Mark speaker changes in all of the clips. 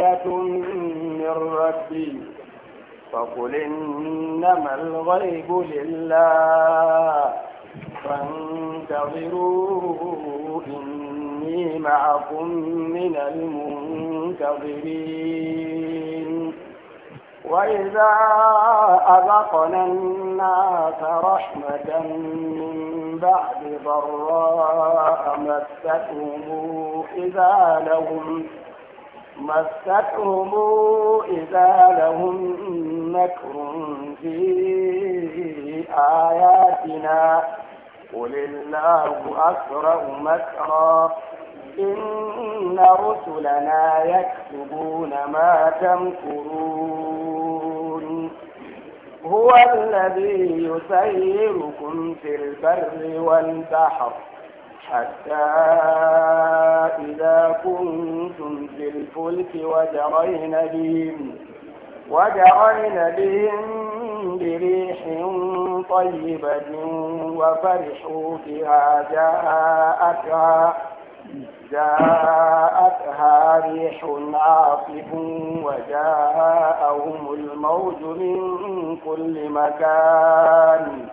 Speaker 1: من ربي فقل إنما الغيب لله فانتظروا إني معكم من المنتظرين وإذا أذقنا الناس رحمة من بعد ضراء مستهم إذا لهم مستهم إذا لهم مكر في آياتنا قل الله أسرع مكرا إن رسلنا يكتبون ما تمكرون هو الذي يسيركم في البر والبحر حتى إذا كنتم في الفلك وجرين بهم وجعلنا بهم بريح طيبة وفرحوا بها جاءتها جاءتها ريح عاصف وجاءهم الموج من كل مكان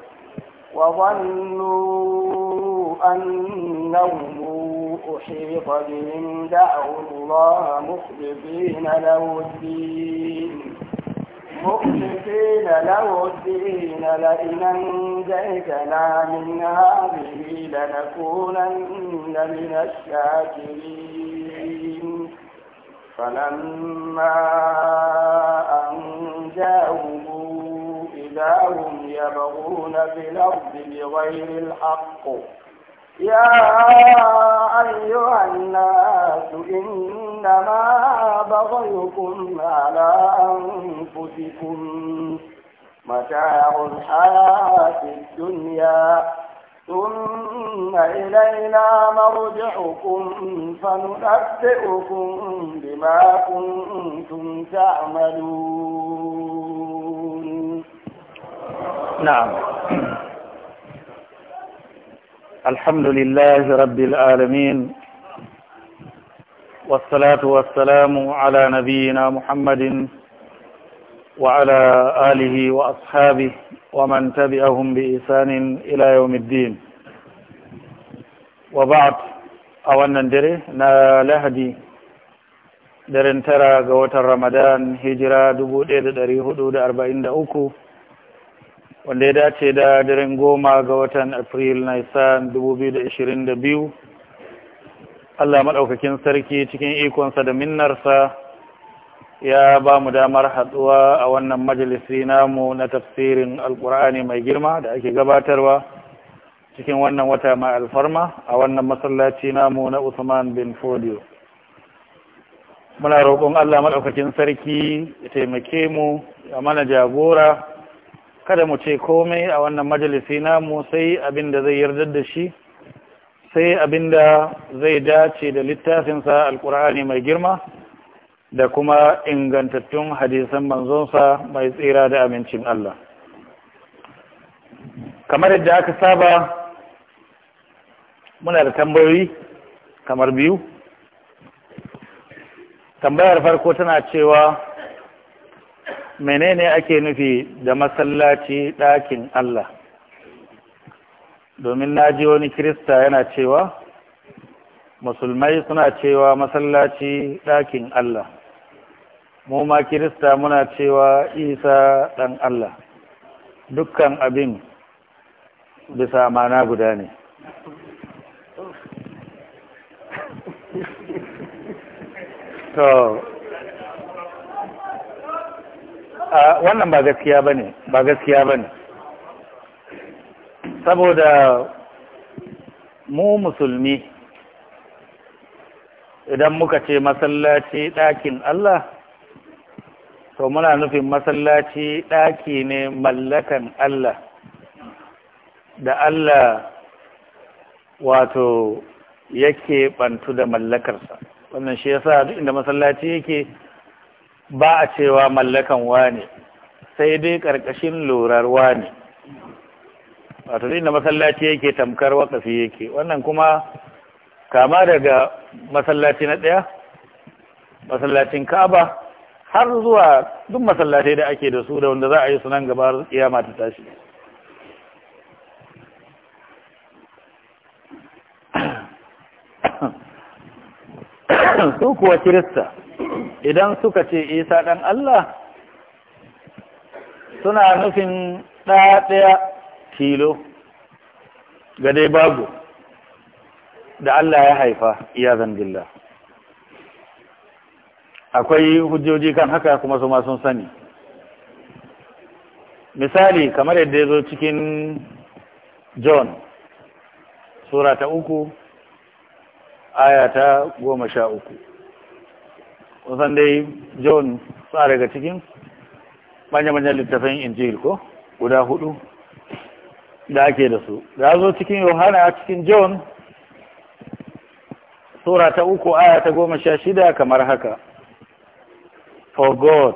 Speaker 1: وظنوا أنهم أحيط بهم دعوا الله مخلصين له الدين مخلصين له الدين لئن أنجيتنا من هذه لنكونن من الشاكرين فلما أنجاهم إذا هم يبغون في الأرض بغير الحق يا أيها الناس إنما بغيكم على أنفسكم متاع الحياة الدنيا ثم إلينا مرجعكم فننبئكم بما كنتم تعملون
Speaker 2: نعم
Speaker 3: الحمد لله رب العالمين والصلاة والسلام على نبينا محمد وعلى آله وأصحابه ومن تبعهم بإحسان إلى يوم الدين وبعد أولا ندري نا لهدي درن ترى قوة رمضان هجرة دبو إيد داري حدود أربعين دا أوكو wanda ya dace da daren goma ga watan da na da biyu. Allah maɗaukakin sarki cikin ikonsa da minnarsa ya ba mu damar haɗuwa a wannan majalisi namu na tafsirin alƙur'ani mai girma da ake gabatarwa cikin wannan wata mai alfarma a wannan masallaci namu na Usman bin Fodio. Muna roƙon Allah maɗaukakin sarki ya taimake mu ya mana jagora kada mu ce komai a wannan majalisi mu, sai abin da zai yarda da shi sai abin da zai dace da littafinsa alkur'ani mai girma da kuma ingantattun hadisan manzonsa mai tsira da amincin Allah kamar yadda aka saba muna da tambayoyi kamar biyu tambayar farko tana cewa menene ake nufi da masallaci ɗakin Allah domin na ji wani kirista yana cewa musulmai suna cewa masallaci ɗakin Allah mu ma kirista muna cewa isa ɗan Allah dukkan abin bisa mana guda ne
Speaker 2: to wannan ba gaskiya
Speaker 3: ba ne ba gaskiya ba ne saboda mu musulmi idan muka ce masallaci ɗakin Allah to muna nufin masallaci ɗaki ne mallakan Allah da Allah wato yake bantu da mallakarsa wannan shi yasa duk inda masallaci yake ba a cewa mallakan wane sai dai ƙarƙashin lurar wane wato inda masallaci yake tamkar wakafi yake wannan kuma kama daga masallaci na ɗaya masallacin kaba har zuwa duk masallatai da ake da su da wanda za a yi sunan gaba kiyama ta tashi su kuwa kirista idan suka ce isa ɗan Allah suna nufin ɗaya ɗaya tilo ga dai babu da Allah ya haifa iya zambilla akwai hujjoji kan haka kuma su ma sun sani misali kamar yadda ya zo cikin john sura ta uku aya ta goma sha uku wasan dai john sa daga cikin manya-manyan littafin injil ko guda hudu da ake da su ya zo cikin yohana cikin john sura ta uku aya ta goma sha shida kamar haka for god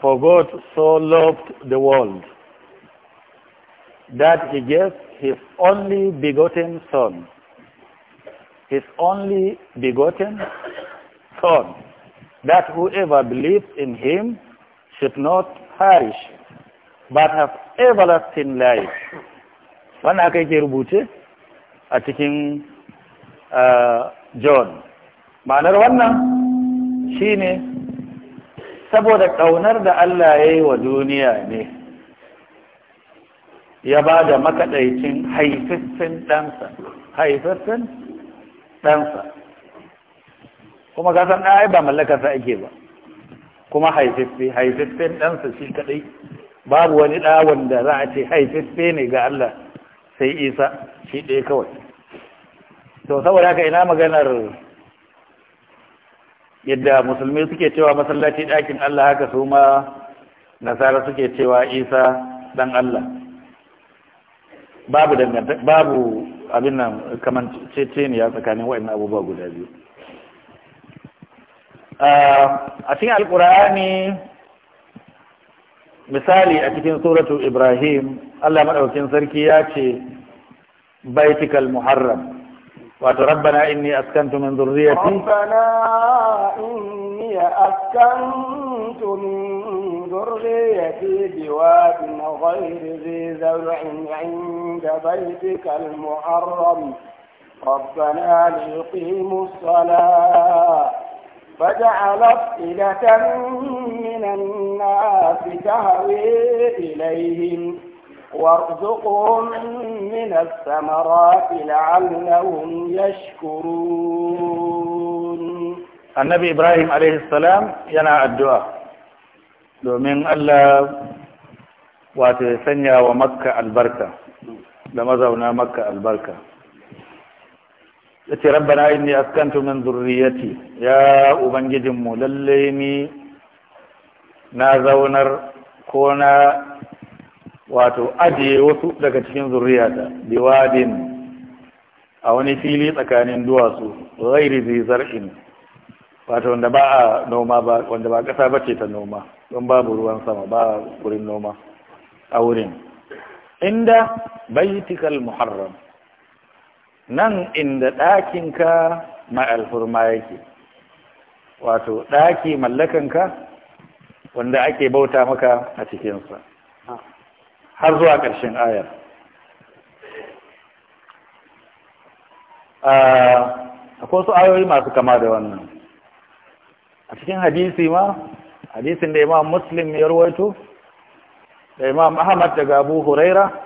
Speaker 3: for god so loved the world that he gave his only begotten son his only begotten son that whoever believes in him should not perish but have everlasting life wannan aka yake rubuce a cikin uh, John ma'anar wannan shine saboda ƙaunar da Allah ya yi wa duniya ne ya ba da makaɗaicin haifaffen ɗansa haifaffen ɗansa kuma ka san ai ba sa ake ba kuma haifaffe dan ɗansa shi kadai babu wani ɗa wanda za a ce haifaffe ne ga Allah sai isa shi ɗaya kawai to saboda haka ina maganar yadda musulmi suke cewa masallaci ɗakin Allah haka su ma nasara suke cewa isa ɗan Allah babu dangantaka babu abin nan kamar ce ne ya tsakanin waɗannan abubuwa guda biyu أتي آه، القرآن مثالي أكتين سورة إبراهيم الله ما أكتين سركياتي بيتك المحرم ربنا إني أسكنت من ذريتي ربنا
Speaker 1: إني أسكنت من ذريتي بواد غير ذي زرع عند بيتك المحرم ربنا ليقيموا الصلاة فجعل أفئدة من الناس تهوي إليهم وارزقهم من الثمرات لعلهم يشكرون
Speaker 3: النبي إبراهيم عليه السلام ينعى الدعاء من الله wato ومكة البركة wa makka albarka da yace rabbana inni askantu min zurriyyati ya ubangijin mu lalle ni na zaunar ko na wato ajiye wasu daga cikin zurriyata biwadin a wani fili tsakanin duwatsu ghairi zai zar'in wato wanda ba a noma ba wanda ba kasa bace ta noma don babu ruwan sama ba wurin noma a wurin inda baitikal muharram nan inda ɗakinka mai alfurma yake wato ɗaki mallakanka wanda ake bauta maka a cikinsa har zuwa ƙarshen ayar ah, akwai su ayoyi masu kama da wannan a cikin hadisi ma hadisin da imam muslim ya ruwaito da imam ahmad daga abu huraira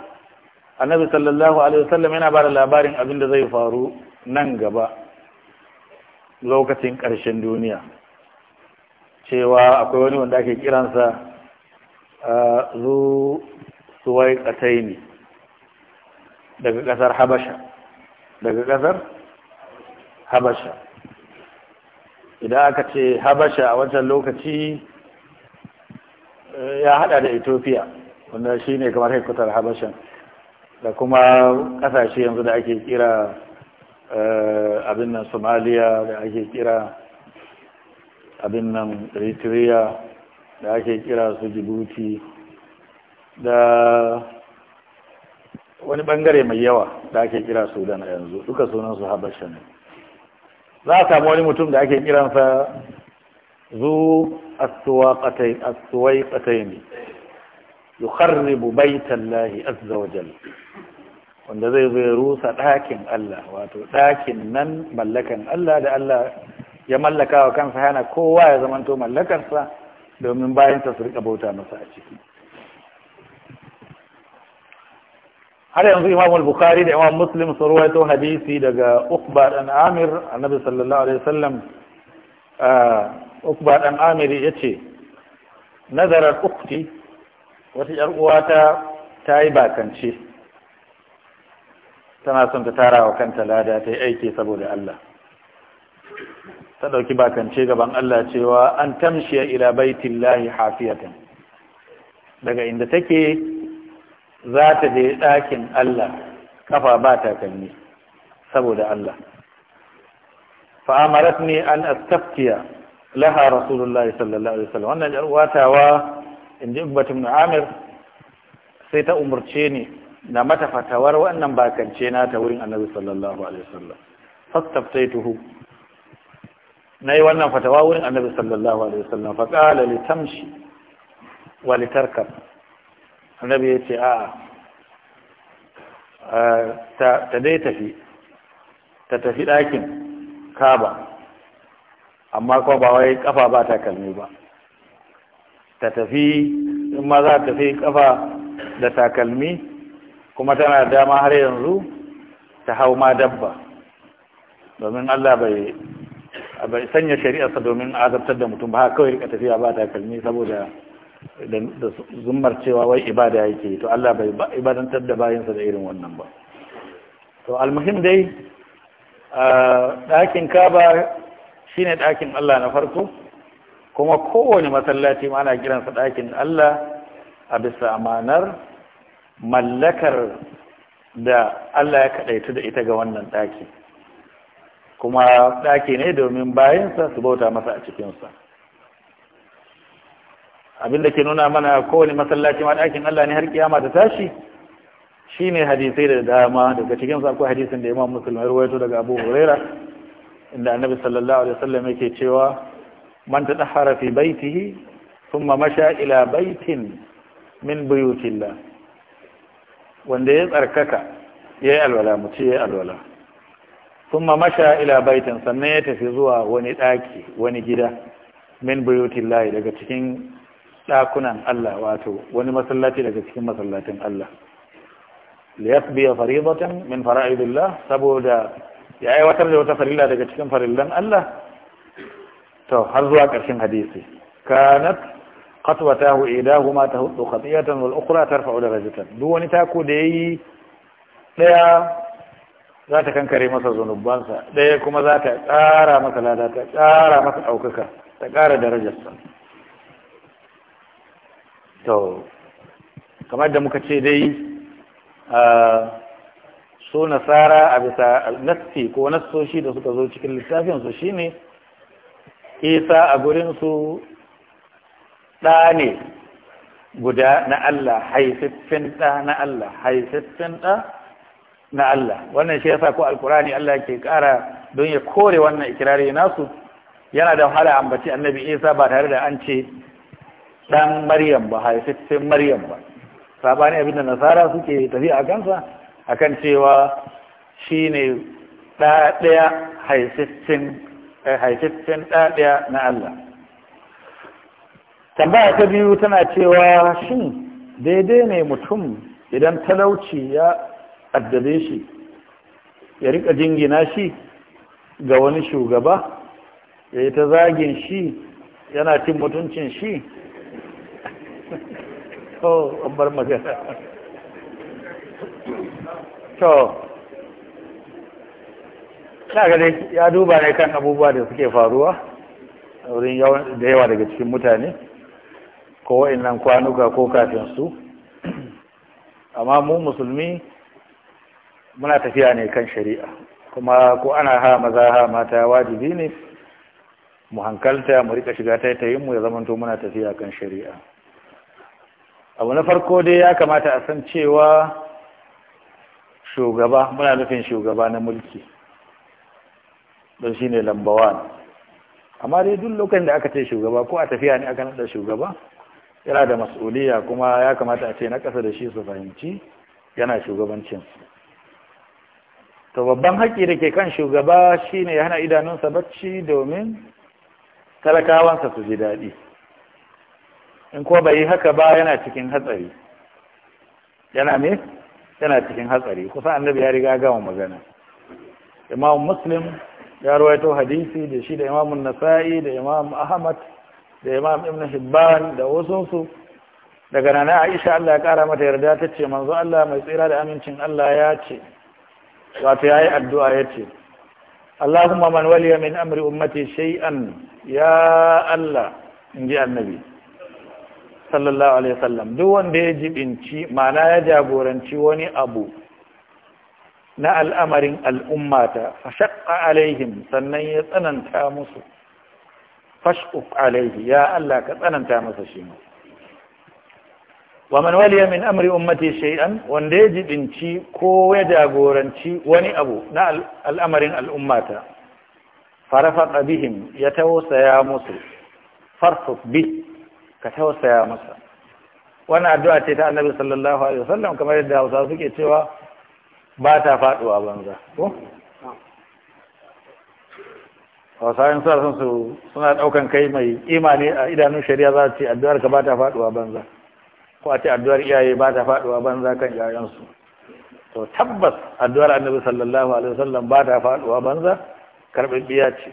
Speaker 3: annabi sallallahu alaihi wasallam yana bada labarin abin da zai faru nan gaba lokacin ƙarshen duniya cewa akwai wani wanda ake kiransa uh, zu suwai kataini daga ƙasar habasha daga ƙasar habasha idan aka ce habasha a wancan lokaci uh, ya hada da ethiopia wanda shine kamar haikutar habashan da kuma kasashe yanzu da ake kira eh, abin nan somaliya da ake kira abin nan eritrea da ake kira su jibuti da wani bangare mai yawa da ake kira sudan a yanzu duka sunansu habasha ne za a samu wani mutum da ake kiransa zu asuwa ne yukharribu baitallahi azza wa jalla wanda zai zai rusa ɗakin Allah wato ɗakin nan mallakan Allah da Allah ya mallaka wa kansa hana kowa ya zamanto mallakarsa domin bayansa su riƙa bauta masa a ciki har yanzu Imam al-Bukhari da Imam Muslim sun ruwaito hadisi daga ukba dan Amir Annabi sallallahu alaihi wasallam ah, ukba dan Amir yace nazarat ukhti wata ƴar uwata ta yi bakance tana son ta tara wa kanta lada ta yi aiki saboda Allah ta ɗauki bakance gaban Allah cewa an tamshiya ila baitin lahi hafiyatan daga inda take za ta je ɗakin Allah kafa ba takalmi saboda Allah fa'amarat ne an astaftiya laha rasulullahi sallallahu alaihi wasallam wannan ‘yar tawa in ji batun amir sai ta umarce ni na mata fatawar wannan bakance na ta wurin annabi sallallahu alaihi wasallam fastaftaituhu na yi wannan fatawa wurin annabi sallallahu alaihi wasallam fa qala li tamshi wa li tarkab annabi ya ce a ta dai tafi ta tafi ɗakin kaba amma kuma ba wai kafa ba takalmi ba ta tafi in ma za ta tafi kafa da takalmi kuma tana dama har yanzu ta hau ma dabba domin Allah bai bai sanya shari'arsa domin azabtar da mutum ba kawai rika tafiya ba takalmi saboda da zummar cewa wai ibada yake to Allah bai ibadantar da bayansa da irin wannan ba to almuhim dai ah, ɗakin kaba shine ɗakin Allah na farko kuma kowane masallaci ma ana kiransa ɗakin Allah a bisa amanar mallakar da Allah ya kaɗaitu da ita ga wannan ɗaki kuma ɗaki ne domin bayansa su bauta masa a cikinsa Abin da ke nuna mana kowane masallaci ma ɗakin Allah ne har kiyama ta tashi Shi ne hadisai da dama daga cikin akwai hadisin da Imam musulmai ruwaito daga Abu Huraira inda Annabi sallallahu alaihi wasallam yake cewa من تدحر في بيته ثم مشى إلى بيت من بيوت الله wanda ya tsarkaka ya yi alwala mutu ya yi alwala sun masha ila baitin sannan ya tafi zuwa wani ɗaki wani gida min buyutin layi daga cikin ɗakunan Allah wato wani masallaci daga cikin masallatin Allah liyasbiya faridatan min fara'idillah saboda ya aiwatar da wata farilla daga cikin farillan Allah to har zuwa ƙarshen hadisi kanat qatwatahu idahuma tahuddu khatiyatan wal ukhra tarfa'u darajatan duk wani tako da yayi daya za ta kankare masa zunubansa daya kuma za ta ƙara masa lada ta ƙara masa ɗaukaka ta ƙara darajarsa to kamar da muka ce dai su nasara a bisa nassi ko nassoshi da suka zo cikin littafin su shine isa a gurinsu ɗa ne guda na Allah haififfin ɗa na Allah haififfin ɗa na Allah wannan shi yasa ko alkurani Allah ke ƙara don ya kore wannan ikirari nasu yana da wahala ambaci annabi isa ba tare da an ce ɗan maryam ba haififfin maryam ba sabani abin da nasara suke tafiya a kansa akan cewa shi ne ɗaya haififfin Eh, haifaffen ɗaɗiya na Allah tambaya ta biyu tana cewa shin daidai ne mutum idan talauci ya addabe shi ya rika jingina shi ga wani shugaba ya yi ta zagin shi yana cin mutuncin shi to oh, bar magana ina ga dai ya duba ne kan abubuwa da suke faruwa wurin da yawa daga cikin mutane ko wa'annan kwanuka ko kafin su amma mu musulmi muna tafiya ne kan shari'a kuma ko ana ha maza ha mata wajibi ne mu hankalta mu rika shiga taitayin mu ya zamanto muna tafiya kan shari'a abu na farko dai ya kamata a san cewa shugaba muna nufin shugaba na mulki don shi ne lambawa amma dai duk lokacin da aka ce shugaba ko a tafiya ne aka nada shugaba yana da mas'uliya kuma ya kamata a ce na ƙasa da shi su fahimci yana shugabancin to babban haƙƙi da ke kan shugaba shine ya hana idanunsa bacci domin talakawansa su ji daɗi in ko bai yi haka ba yana cikin hatsari yana me yana cikin hatsari kusa annabi ya riga gama magana imam muslim ya rawaito hadisi da shi da imam nasa'i da imam ahmad da imam ibn hibban da wasunsu daga nana aisha Allah ya kara mata yarda ta ce manzo Allah mai tsira da amincin Allah ya ce wato yayi addu'a ya ce Allahumma man waliya min amri ummati shay'an ya Allah inji annabi sallallahu alaihi wasallam duk wanda ya jibinci ma'ana ya jagoranci wani abu na al'amarin al'ummata fashaqqa alaihim sannan ya tsananta musu fashqq alaihi ya Allah ka tsananta masa shi ma wa man waliya min amri ummati shay'an wanda ya jibinci ko ya jagoranci wani abu na al'amarin al'ummata farafaqa bihim ya tausaya musu farfuk bi ka tausaya masa Wani addu'a ce ta Annabi sallallahu alaihi wasallam kamar yadda Hausa suke cewa ba ta faduwa banza ko hausawan sa sun su suna daukan kai mai imani a idanun shari'a za ce addu'ar ka ba ta faduwa banza ko a ce addu'ar iyaye ba ta faduwa banza kan yayansu to tabbas addu'ar annabi sallallahu alaihi wasallam ba ta faduwa banza biya ce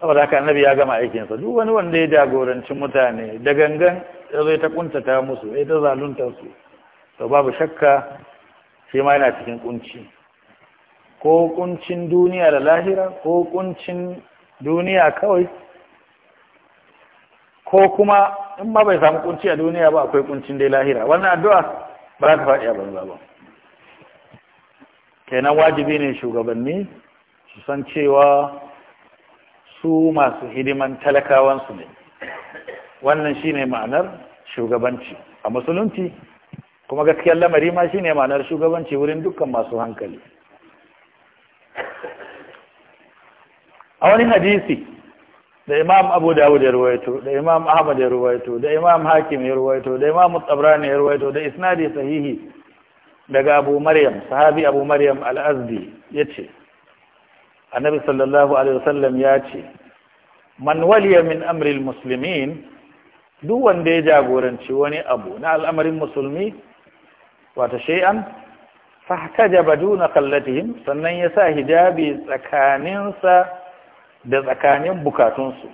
Speaker 3: saboda haka annabi ya gama aikinsa duk wani wanda ya jagoranci mutane da gangan ya zai ta kuntata musu ya ta zalunta su to babu shakka shi ma yana cikin kunci ko kuncin duniya da lahira ko kuncin duniya kawai ko kuma in ma bai samu kunci a duniya ba akwai kuncin dai lahira wannan addu'a ba za ta faɗi a banza ba kenan wajibi ne shugabanni su san cewa su masu hidiman talakawansu ne wannan shine ma'anar shugabanci a musulunci kuma gaskiyar lamari ma shine ma'anar shugabanci wurin dukkan masu hankali a wani hadisi da imam abu dawud ya ruwaito da imam ahmad ya ruwaito da imam hakim ya ruwaito da imam tsabrani ya ruwaito da isnadi sahihi daga abu maryam sahabi abu maryam al ya ce annabi sallallahu alaihi wasallam ya ce man waliya min amril muslimin duk wanda ya jagoranci wani abu na al'amarin musulmi wata shay'an fahtajaba duna kallatihim sannan ya sa hijabi tsakaninsa da tsakanin bukatunsu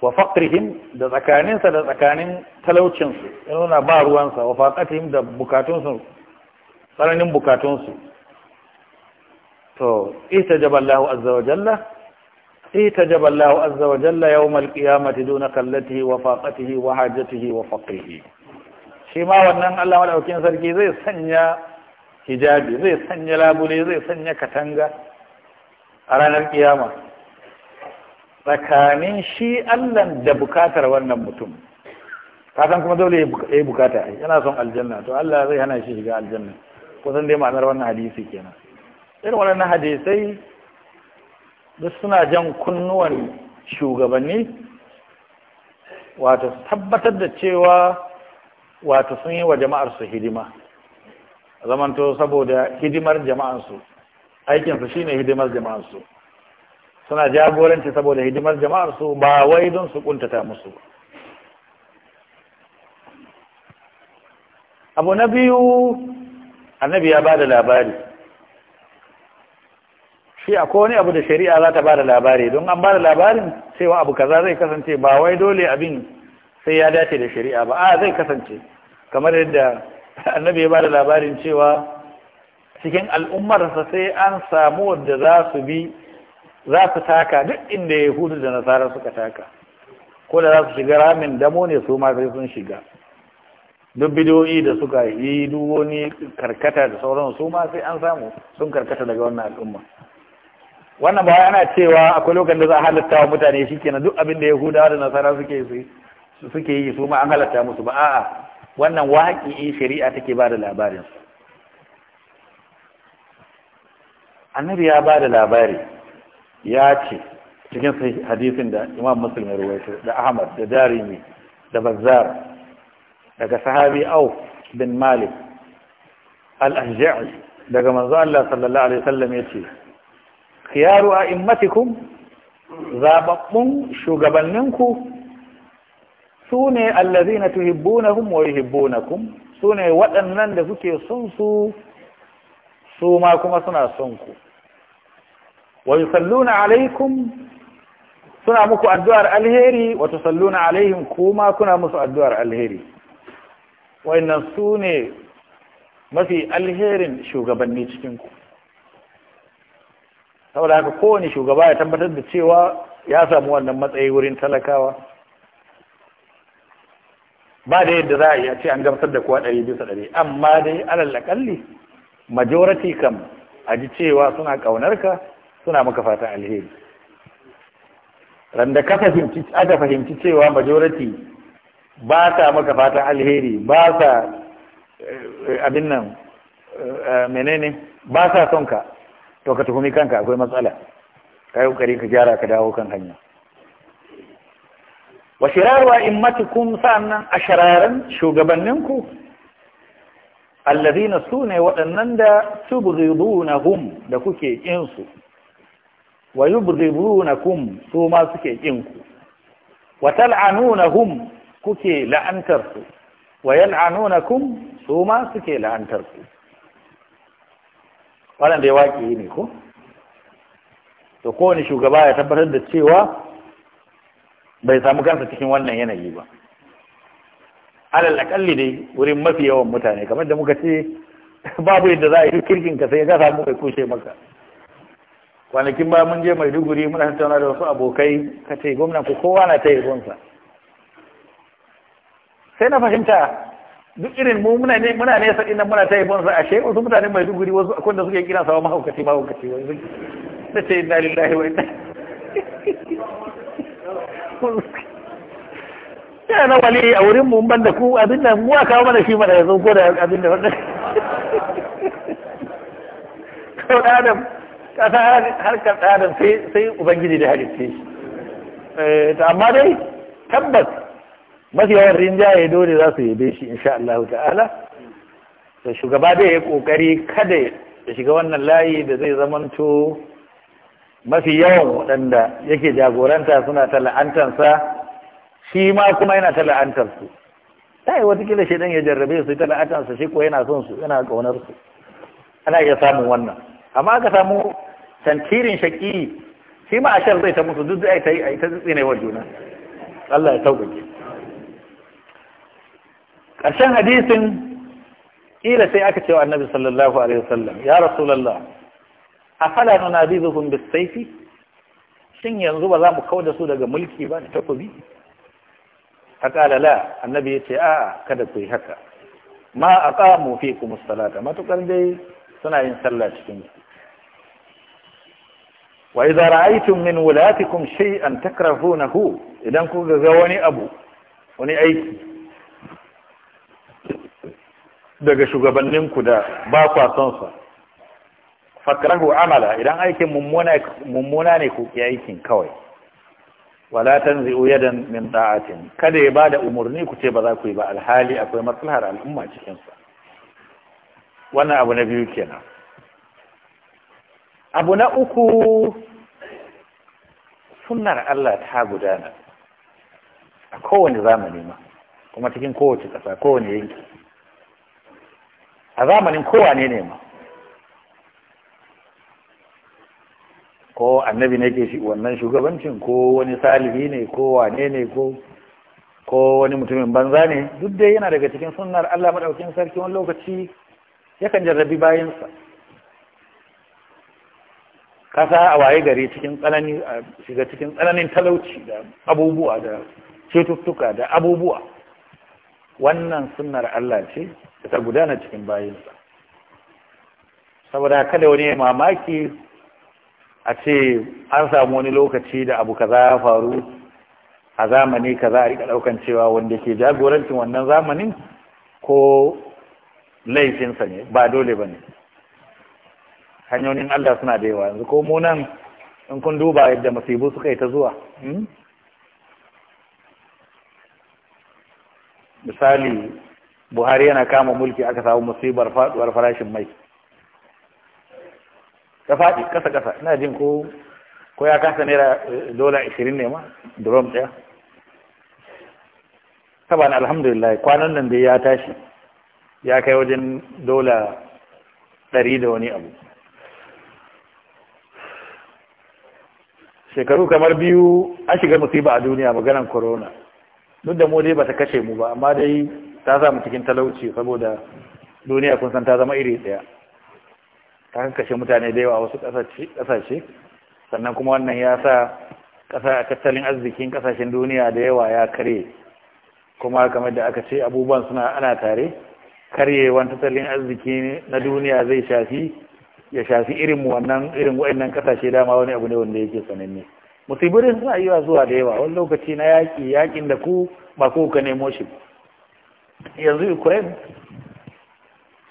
Speaker 3: wa faqrihim da tsakaninsa da tsakanin talaucinsu ya nuna ba ruwansa wa faqatihim da bukatunsu tsananin bukatunsu to ita Allahu azza wa jalla ihtajaba Allahu azza wa jalla yawm al-qiyamati duna kallatihi wa faqatihi wa hajatihi wa faqihi shi ma wannan Allah madaukin sarki zai sanya hijabi zai sanya labule zai sanya katanga a ranar kiyama tsakanin shi Allah da bukatar wannan mutum kasan kuma dole ya bukata yana son aljanna to Allah zai hana shi shiga aljanna kusan dai ma'anar wannan hadisi kenan irin waɗannan hadisai duk suna jan kunnuwan shugabanni wato tabbatar da cewa wato sun yi wa jama'ar su hidima zamanto saboda hidimar aikin aikinsu shine hidimar su. suna jagoranci saboda hidimar jama'ar su, ba wai don su kuntata musu abu na biyu annabi ya bada labari shi akwai wani abu da shari'a za ta bada labari don an bada labarin cewa abu kaza zai kasance ba wai dole abin sai ya dace da shari'a ba a zai kasance kamar yadda annabi ya bada labarin cewa cikin al'ummarsa sai an samu wadda za su bi za su taka duk inda yahudu da nasara suka taka ko da za su shiga ramin damo ne su ma sai sun shiga duk bidiyoyi da suka yi duk wani karkata da sauran su ma sai an samu sun karkata daga wannan al'umma wannan ba ana cewa akwai lokacin da za a halitta wa mutane shikenan duk abin da yahudawa da nasara suke su su suke yi su ma an halatta musu ba a'a wannan waƙi shari'a take ba da labarin annabi ya ba da labari ya ce cikin hadisin da imam muslim ya da ahmad da darimi da bazzar daga sahabi auf bin malik al-ahja'i daga manzo Allah sallallahu alaihi wasallam ce khiyaru a'immatikum zababbun shugabanninku su ne allazina tuhibbunahum wa kum su ne waɗannan da kuke son su su ma kuma suna son ku wa na alaikum suna muku addu'ar alheri wa na alaihim kuma kuna musu addu'ar alheri wa'annan su ne mafi alherin shugabanni cikin ku saboda haka kowane shugaba ya tabbatar da cewa ya samu wannan matsayi wurin talakawa ba da yadda za a yi a ce an gamsar da kowa ɗari bisa ɗari amma dai alal aƙalli majority kam a ji cewa suna ƙaunar ka suna maka fata alheri randa ka fahimci aka fahimci cewa majority ba ta maka fata alheri ba sa eh, abin nan eh, menene ba sa son ka to ka tuhumi kanka akwai matsala ka yi kokari ka gyara ka dawo kan hanya wa in a'immatikum sa'annan a shararen shugabanninku allazina ne waɗannan da hum da kuke ƙinsu. Wa yi na kum su ma suke wa tal'anu na hum kuke wa yal'anu na kum su ma suke la'antarsu. waɗanda ya dai waki ne ko to kowane shugaba ya tabbatar da cewa bai samu kansa cikin wannan yanayi ba alal akalli dai wurin mafi yawan mutane kamar da muka ce babu yadda za a yi kirkin ka sai ka samu mai kushe maka kwanakin ba mun je maiduguri muna tattauna da wasu abokai ka ce gwamna ku kowa na ta yi sai na fahimta duk irin mu muna ne muna ne sai nan muna ta yi bonsa ashe wasu mutane mai duguri wasu akwai da suke kira sawa mahaukaci mahaukaci wai sai inna lillahi wa inna ya na wale a wurin mu ban da ku abin da mu kawo mana shi mana yanzu ko da abin da wannan kawai da adam kasa harkar adam sai sai ubangiji da halitta shi eh, amma dai tabbas mafi yawan rinjaye dole za su yabe shi insha Allah ta'ala da shugaba dai ya kokari kada ya shiga wannan layi da zai zamanto mafi yawan waɗanda yake jagoranta suna ta la'antarsa shi ma kuma yana ta la'antarsu ta yi watakila shi ɗan ya jarrabe su ta la'antarsa shi ko yana son su yana ƙaunar su ana iya samun wannan amma aka samu tantirin shaƙi shi ma shan zai ta musu duk zai ta yi a ita tsine wa juna Allah ya sauƙaƙe ƙarshen hadisin ƙila sai aka cewa annabi sallallahu alaihi wasallam ya rasulallah A afala nunazizuhum bisayfi shin yanzu ba za mu da su daga mulki ba da takobi faqala la annabi yace a'a kada ku yi haka ma aqamu fikum as-salata matukar dai suna yin sallah cikin ku wa idza ra'aytum min wulatikum shay'an takrahunahu idan kuka ga wani abu wani aiki daga shugabanninku da ba kwa son fakrahu amala idan aikin mummuna ne ku ya aikin kawai wala tanzi'u yadan min da'atin kada ya bada umurni ku ce ba za ku yi ba alhali akwai maslahar al'umma cikin sa wannan abu na biyu kenan abu na uku sunnar Allah ta gudana a kowane zamani ma kuma cikin kowace ƙasa kowane yanki a zamanin kowane ne ma ko annabi ne ke shi wannan shugabancin ko wani salihi ne ko wane ne ko ko wani mutumin banza ne duk dai yana daga cikin sunnar Allah madaukakin sarki wani lokaci yakan jarrabi bayansa kasa a waye gari cikin tsanani shiga cikin tsananin talauci da abubuwa da cututtuka da abubuwa wannan sunnar Allah ce da ta gudana cikin bayinsa saboda kada wani mamaki a ce an samu wani lokaci da abu kaza ya faru a zamani kaza a rika daukan cewa wanda ke jagorancin wannan zamanin ko laifinsa ne ba dole ba ne hanyoyin Allah suna da yawa yanzu ko munan in kun duba yadda masibu suka yi ta zuwa hmm? misali buhari yana kama mulki aka samu masibar faduwar farashin mai ta faɗi ƙasa ƙasa ina jin ko ko ya kasa naira eh, dola ashirin ne ma drum ɗaya saban alhamdulillah kwanan nan dai ya tashi ya kai wajen dola ɗari da wani abu shekaru kamar biyu a shiga musiba a duniya maganan corona duk da mu dai bata kashe mu ba amma dai ta samu cikin talauci saboda duniya kun san ta zama iri ɗaya ta kashe mutane da yawa wasu ƙasashe sannan kuma wannan ya sa a tattalin arzikin kasashen duniya da yawa ya karye kuma kamar da aka ce abubuwan suna ana tare karyewan tattalin arziki na duniya zai shafi ya shafi irin wannan irin wa'annan ƙasashe dama wani abu ne wanda yake sananne musibirin suna yi zuwa da yawa wani lokaci na yaƙi yaƙin da ku ba ku ka nemo shi yanzu ukraine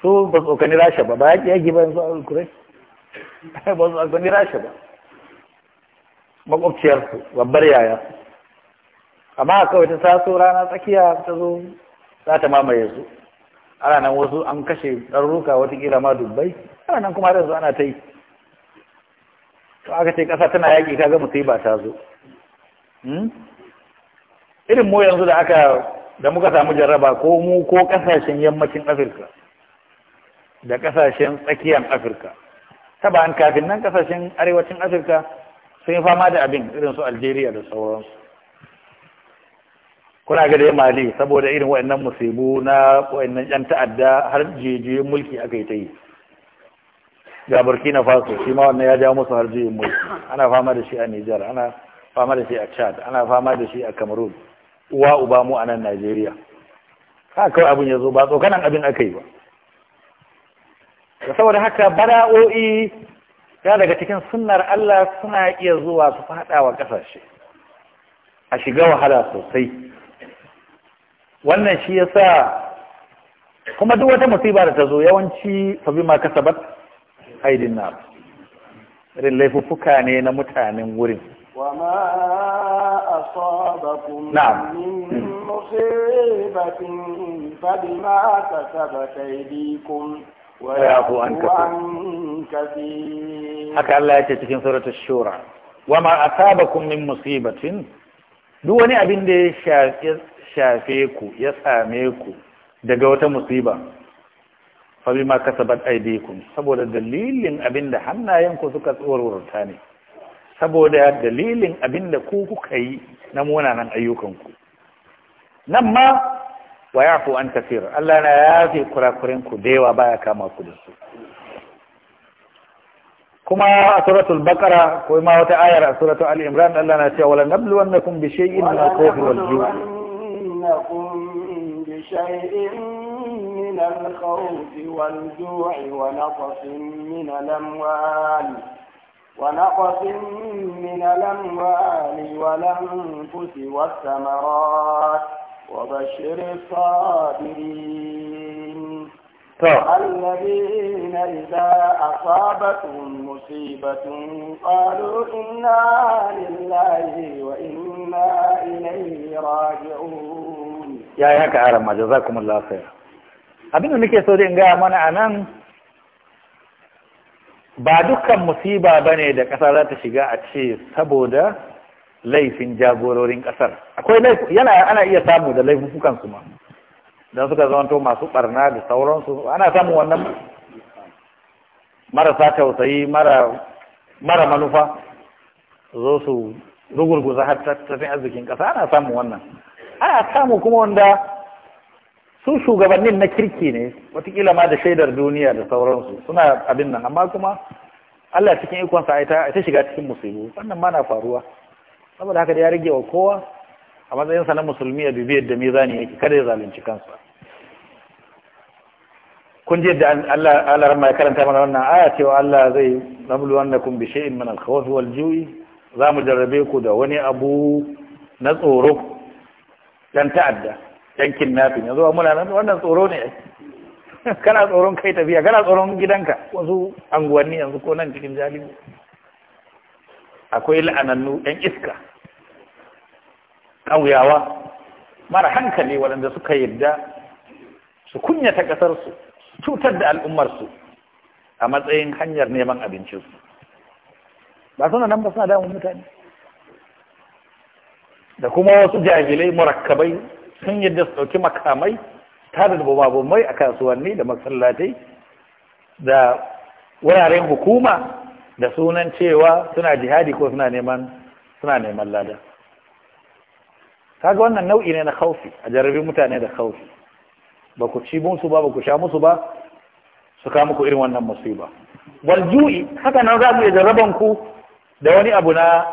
Speaker 3: su ba su tsokani rasha ba ba yaƙi yaƙi ba yanzu a ukraine ba su tsokani rasha ba makwabciyarsu babbar yaya amma kawai ta taso rana tsakiya ta zo za ta mamaye su ana nan wasu an kashe ɗarruka watakila ma dubbai ana nan kuma yanzu ana ta yi to aka ce ƙasa tana yaƙi ka gama yi ba ta zo hmm? irin mu yanzu da aka da muka samu jarraba ko mu ko ƙasashen yammacin afirka da kasashen tsakiyar afirka taban kafin nan kasashen arewacin afirka sun yi fama da abin irin su algeria da sauransu kuna ga dai mali saboda irin waɗannan musibu na wa'annan yan ta'adda har jijiyoyin mulki aka yi ta yi ga burkina faso shi ma wannan ya jawo musu har jijiyoyin mulki ana fama da shi a nijar ana fama da shi a chad ana fama da shi a cameroon uwa uba mu a nan najeriya haka kawai abin ya zo ba tsokanan abin aka yi ba saboda haka bara'o'i ya daga cikin sunnar Allah suna iya zuwa su wa ƙasashe a shiga wahala sosai wannan shi ya sa kuma duk wata musiba da ta zo yawanci fa bima kasabat haidin na irin laifuffuka ne na mutanen
Speaker 2: wurin
Speaker 1: وما أصابكم نعم. من مصيبة فبما كسبت ويعفو عن Allah ya ce
Speaker 3: cikin suratul shura wa ma asabakum min musibatin duk wani abin da ya shafe ku ya same ku daga wata musiba fa bima kasabat aydikum saboda dalilin abin da hannayenku suka tsorurta ne saboda dalilin abin da ku kuka yi na munanan ayyukanku nan ma ويعفو أن كثير ألا أنا يازي كرا كرينك ديوة بايا كما كدس كما سورة البقرة كما هو وتعاير سورة آل إمران ألا أنا سيا ولا نبلو أنكم بشيء من الخوف والجوع
Speaker 1: ولا بشيء من الخوف والجوع ونقص من الأموال ونقص من الأموال والأنفس والثمرات وبشر الصابرين الذين إذا أصابتهم مصيبة قالوا إنا لله وإنا إليه راجعون
Speaker 3: يا يا كعرم جزاكم الله خير abin da muke so da gaya mana a nan ba dukkan musiba ba ne da ƙasa za ta shiga a ce saboda laifin jagororin kasar akwai yana ana iya samu da laifukan su ma don suka zamanto masu barna da sauransu ana samun wannan marasa tausayi mara manufa zo su rugurguza har tattalin arzikin ƙasa ana samun wannan ana samu kuma wanda su shugabannin na kirki ne watakila ma da shaidar duniya da sauransu suna abin nan amma kuma Allah cikin ikonsa ta shiga cikin musibu wannan ma na faruwa saboda haka da ya rage wa kowa a matsayinsa na musulmi a bibiyar da zani yake kada ya zalunci kansa kun ji yadda Allah Allah ya karanta mana wannan aya cewa Allah zai nablu annakum bi shay'in min al-khawf wal ju'i za mu jarrabe ku da wani abu na tsoro dan ta'adda dan kidnapping yanzu muna nan wannan tsoro ne kana tsoron kai tafiya kana tsoron gidanka wasu anguwanni yanzu ko nan cikin jalibu akwai la'anannu ɗan iska ƙauyawa mara hankali waɗanda suka yarda su kunyata ƙasarsu su cutar da al'ummarsu a matsayin hanyar neman abincinsu ba suna nan ba suna damun mutane da kuma wasu jahilai murakkabai sun yadda su ɗauki makamai tare da bumabumai a kasuwanni da masallatai da wuraren hukuma da sunan cewa suna jihadi ko suna neman suna neman lada kaga wannan nau'i ne na khaufi a jarabi mutane da khaufi ba ku ci musu ba ba ku sha musu ba su kawo muku irin wannan musiba wal ju'i haka nan za mu iya jarraban ku da wani abu na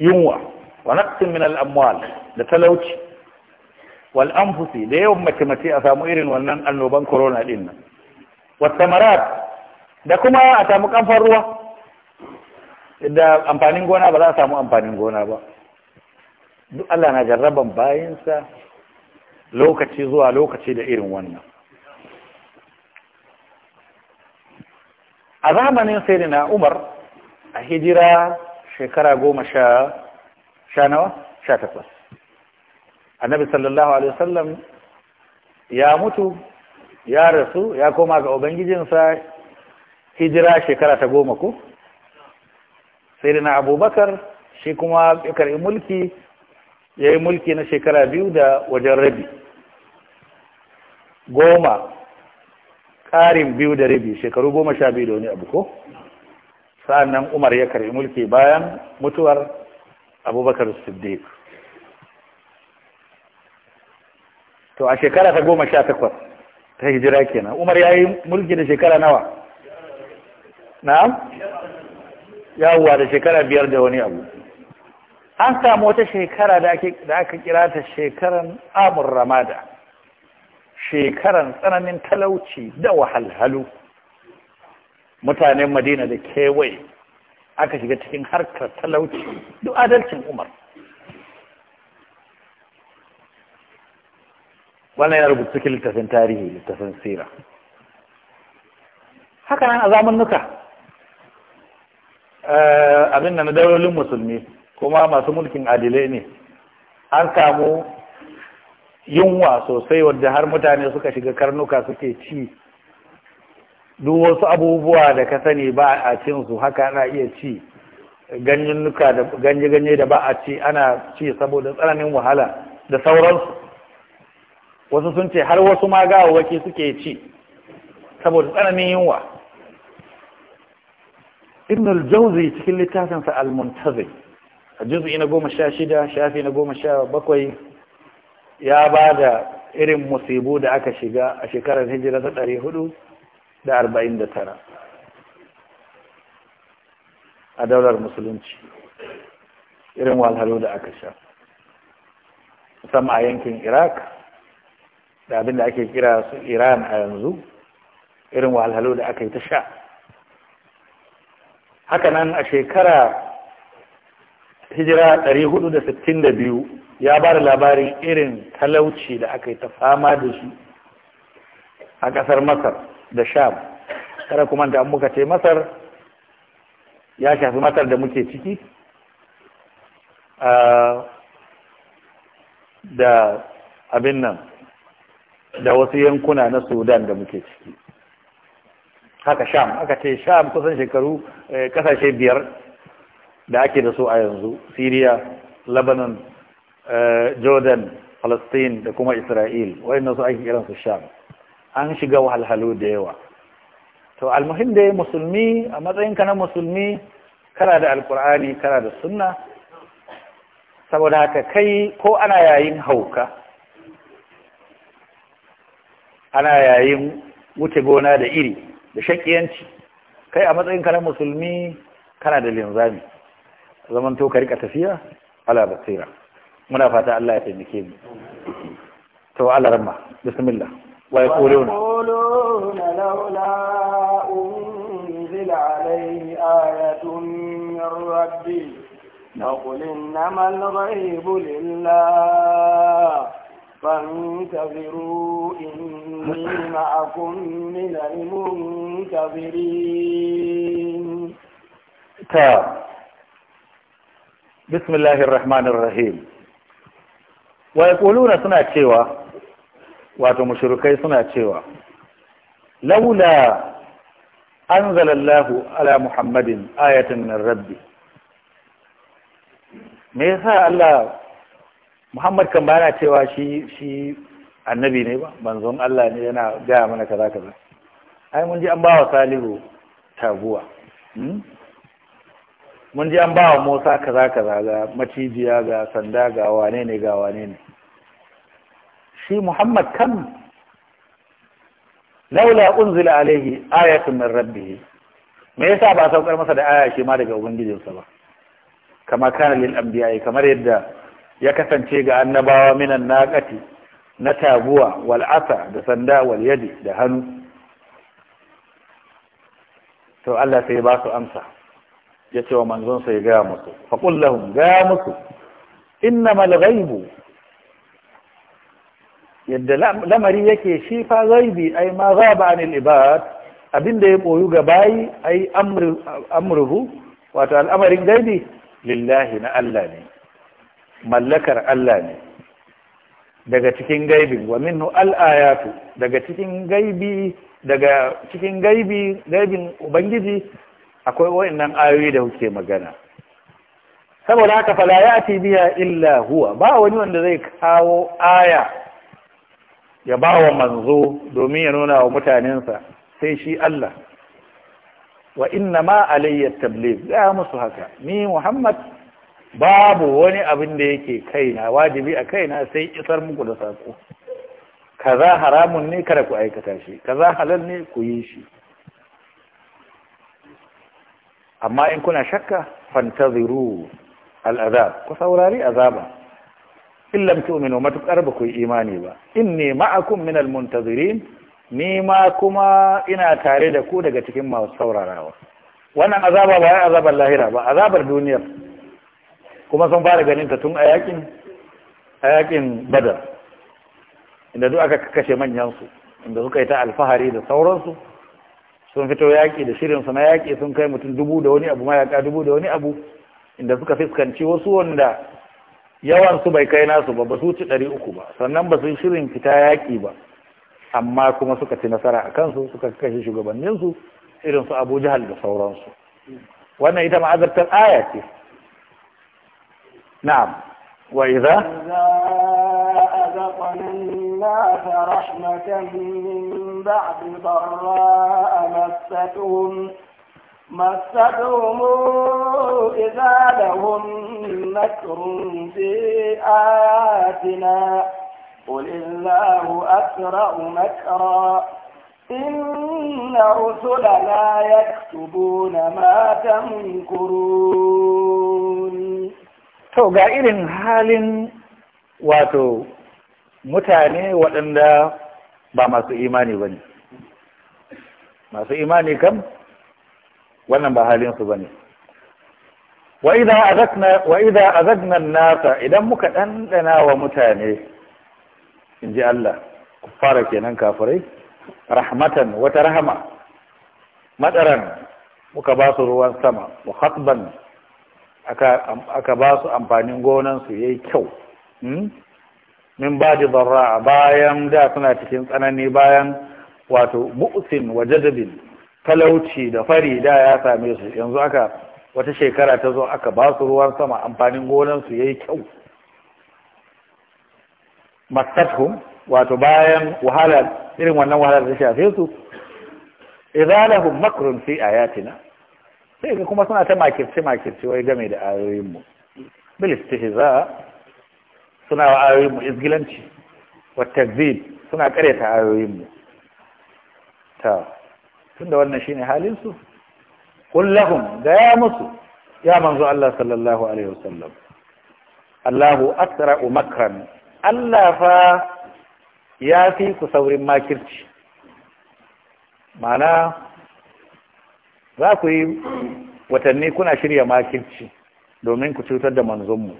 Speaker 3: yunwa wa naqsin min al amwal da talauci wal anfusi da yawan mace mace a samu irin wannan annoban corona din nan wa da kuma a samu kamfan ruwa da amfanin gona ba za a samu amfanin gona ba duk Allah na jarraban bayansa lokaci zuwa lokaci da irin wannan a zamanin sai da na umar a hijira shekara goma sha sha nawa sha takwas annabi sallallahu alaihi wasallam ya mutu ya rasu ya koma ga ubangijinsa hijira shekara ta goma ko sai da na abubakar shi kuma ya karɓi mulki ya yi mulki na shekara biyu da wajen rabi goma ƙarin biyu da rabi shekaru goma sha biyu da wani abu ko sa'annan umar ya karɓi mulki bayan mutuwar abubakar siddiq to a shekara ta goma sha takwas ta hijira kenan umar ya yi mulki da shekara nawa na'am yawuwa da shekara biyar da wani abu an samu wata shekara da aka kira ta shekaran amur ramada shekaran tsananin talauci da wahalhalu mutanen madina da kewaye aka shiga cikin harkar talauci duk adalcin umar wannan ya rubuta cikin littafin tarihi littafin sira haka nan a zamannuka Eh, abin da na daulolin musulmi kuma masu mulkin adilai ne an samu yunwa sosai wadda har mutane suka shiga karnuka suke ci duk wasu abubuwa da ka sani ba a cin su haka ana iya ci ganyenuka da ganye-ganye da ba a ci ana ci saboda tsananin wahala da sauransu wasu sun ce har wasu ma gawawaki suke ci saboda tsananin yunwa ibn al cikin cikin littafinsa al muntazi a juz'i na goma sha shida shafi na goma sha bakwai ya ba da irin musibu da aka shiga a shekarar hijira ta ɗari hudu da arba'in da tara a daular musulunci
Speaker 2: irin walhalu da aka sha
Speaker 3: musamman a yankin iraq da abin da ake kira su iran a yanzu irin walhalu da aka yi ta sha hakanan a shekara hijira 462 ya ba da labarin irin talauci da aka yi ta fama da shi a ƙasar masar da sham kada kuma da muka ce masar ya shafi masar da muke ciki da abin nan da wasu yankuna na sudan da muke ciki haka sham aka ce sham kusan shekaru eh, kasashe biyar da ake da su a yanzu syria lebanon eh, jordan palestine da kuma isra'il wayannan su ake su sham an shiga wahalhalu da yawa to almuhim da musulmi a matsayinka na musulmi kana da alkur'ani kana da sunna saboda haka kai ko ana yayin hauka ana yayin wuce gona da iri da shakiyanci kai a matsayin ka na musulmi kana da linzami zaman to ka rika tafiya ala basira muna fata Allah ya taimake mu to Allah rahma bismillah wa yaquluna
Speaker 1: laula unzila alayhi ayatun min rabbi نقول إنما الغيب لله فانتظروا إني معكم من المنتظرين
Speaker 3: تاب بسم الله الرحمن الرحيم ويقولون سنة شيوة واتو مشركي سنة شيوة لولا أنزل الله على محمد آية من الرب ميسا الله muhammad kan bana cewa shi shi annabi ne ba manzon Allah ne yana gaya mana kaza kaza ai mun ji an ba wa salihu taguwa hmm? mun ji an ba wa musa kaza kaza ga macijiya ga sanda ga wane ne ga wane ne shi muhammad kan laula unzila alaihi ayatun min rabbih me yasa ba saukar masa da aya shi ma daga ubangijinsa ba kama kana lil anbiya kamar yadda ya kasance ga annabawa minan naƙati na taguwa wal'asa, da sanda wal yadi da hannu to Allah sai ba su amsa ya ce wa manzon sai ga musu fa qul lahum ga musu mal ghaibu yadda lamari yake shi fa ghaibi ai ma ghaba anil ibad da ya boyu ga bayi ai amruhu wato al'amarin gaibi lillahi na Allah ne mallakar Allah ne daga cikin gaibi wa minhu al-ayatu daga cikin gaibi daga cikin gaibi gaibin ubangiji akwai wayannan ayoyi da kuke magana saboda haka fala ya'ti biha illa huwa ba wani wanda zai kawo aya ya ba wa manzo domin ya nuna wa mutanensa sai shi Allah wa inna ma alayya tabligh ya musu haka ni Muhammad babu wani abin da yake kaina wajibi a kaina sai isar muku da sako kaza haramun ne kada ku aikata shi kaza halal ne ku yi shi amma in kuna shakka fantaziru al'azab ku saurari azaba in lam tu'minu matukar ba ku yi imani ba inni ma'akum minal muntazirin ni ma kuma ina tare da ku daga cikin masu saurarawa wannan azaba ba ya azabar lahira ba azabar duniyar kuma sun fara ganin ta tun a yakin badar inda duk aka kashe manyansu inda suka yi ta alfahari da sauransu sun fito yaƙi da shirinsu na yaƙi sun kai mutum dubu da wani abu mayaƙa dubu da wani abu inda suka fuskanci wasu wanda yawansu bai kai nasu ba ba su ci ɗari uku ba sannan ba su shirin fita yaƙi ba amma kuma suka ci nasara a kansu suka kashe shugabanninsu irinsu abu jihar da sauransu wannan ita ma'azartar aya ce نعم وإذا
Speaker 1: أذقنا الناس رحمة من بعد ضراء مستهم مستهم إذا لهم مكر في آياتنا قل الله أسرع مكرا إن رسلنا يكتبون ما تنكرون
Speaker 3: to ga irin halin wato mutane waɗanda ba masu imani ba ne masu imani kam wannan ba halinsu ba ne wa idan azagnan nasa idan muka ɗanɗana wa mutane in ji Allah fara kenan kafirai rahmatan wata rahama matsaran muka ba su ruwan sama wa hatban aka ba su amfanin gonansu ya yi kyau hmm? min ba da a bayan da suna cikin tsanani bayan wato mu'sin wa jadabin talauci da fari da ya same su yanzu aka wata shekara ta zo aka ba su ruwan sama amfanin gonansu ya yi kyau mastathum wato bayan wahala irin wannan wahala da shafe su idza lahum makrun fi ayatina sai ga kuma suna ta makirce makirce wai game da ayoyinmu bil istihza suna wa ayoyinmu izgilanci wa zid suna kareta ayoyinmu ta tunda wannan shine halin su qul lahum ya musu ya manzo Allah sallallahu alaihi wasallam Allahu asra'u umakran Allah fa ya fi ku saurin makirci mana. za ku yi watanni kuna shirya makirci domin ku cutar da manzonmu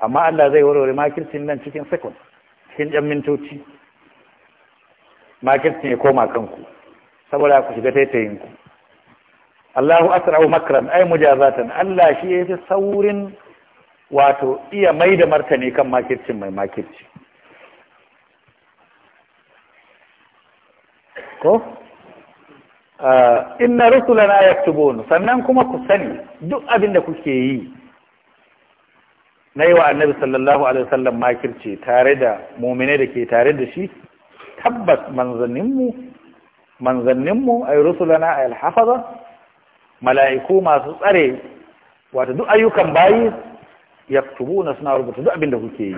Speaker 3: amma Allah zai warware makircin nan cikin sekund cikin ɗan mintoci makircin ya koma kanku saboda ku shiga taitayinku Allahu asra'u makran ay mujazatan Allah shi ya fi saurin wato iya mai da martani kan makircin mai makirci ko inna rusulana yaktubun sannan kuma ku sani duk abin da kuke yi na yi wa annabi sallallahu alaihi wasallam makirci tare da mumine da ke tare da shi tabbas manzanninmu manzanninmu ay rusulana ay alhafaza mala'iku masu tsare wato duk ayyukan bayi yaktubuna suna rubuta duk abin da kuke yi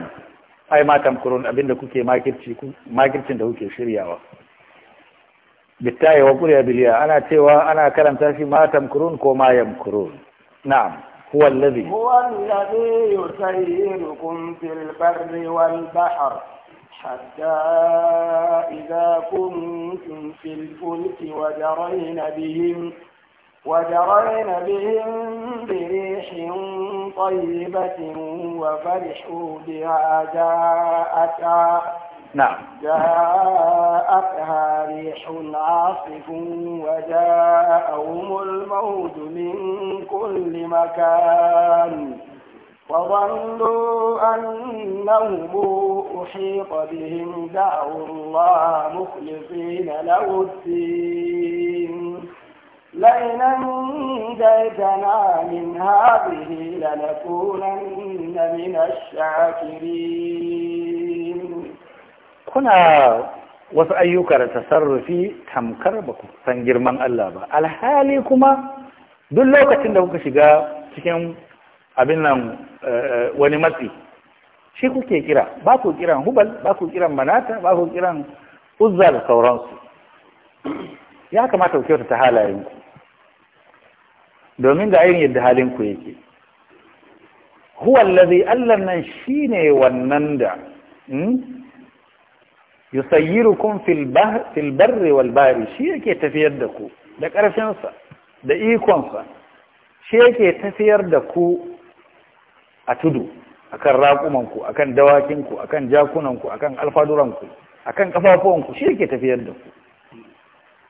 Speaker 3: ai ma tamkurun abin da kuke makirci makircin da kuke shiryawa بالتاي وقرئ بالياء انا سوى انا كلام تاسي ما تمكرون كما يمكرون نعم هو الذي
Speaker 1: هو الذي يسيركم في البر والبحر حتى اذا كنتم في الفلك وجرين بهم وجرين بهم بريح طيبه وفرحوا بها جاءتها نعم جاءتها ريح عاصف وجاءهم الموت من كل مكان وظنوا أنهم أحيط بهم دعوا الله مخلصين له الدين لئن أنجيتنا من هذه لنكونن من الشاكرين
Speaker 3: kuna wasu ayyuka da tasarrufi tamkar ba ku san girman Allah ba alhali kuma duk lokacin da kuka shiga cikin abin nan eh, wani matsi shi kuke kira ba ku kiran hubal ba ku kiran manata ba ku kiran uzza da sauransu ya kamata ku kyauta ta halayenku domin ga ayin yadda ku yake huwa allazi allan nan shine wannan da hmm? yusayyirukum fil bahr fil barri wal bari shi yake tafiyar da ku da ƙarfin sa da ikon sa shi yake tafiyar da ku a tudu akan raƙuman ku akan dawakin ku akan jakunan ku akan alfaduran ku akan kafafuwan ku shi yake tafiyar da ku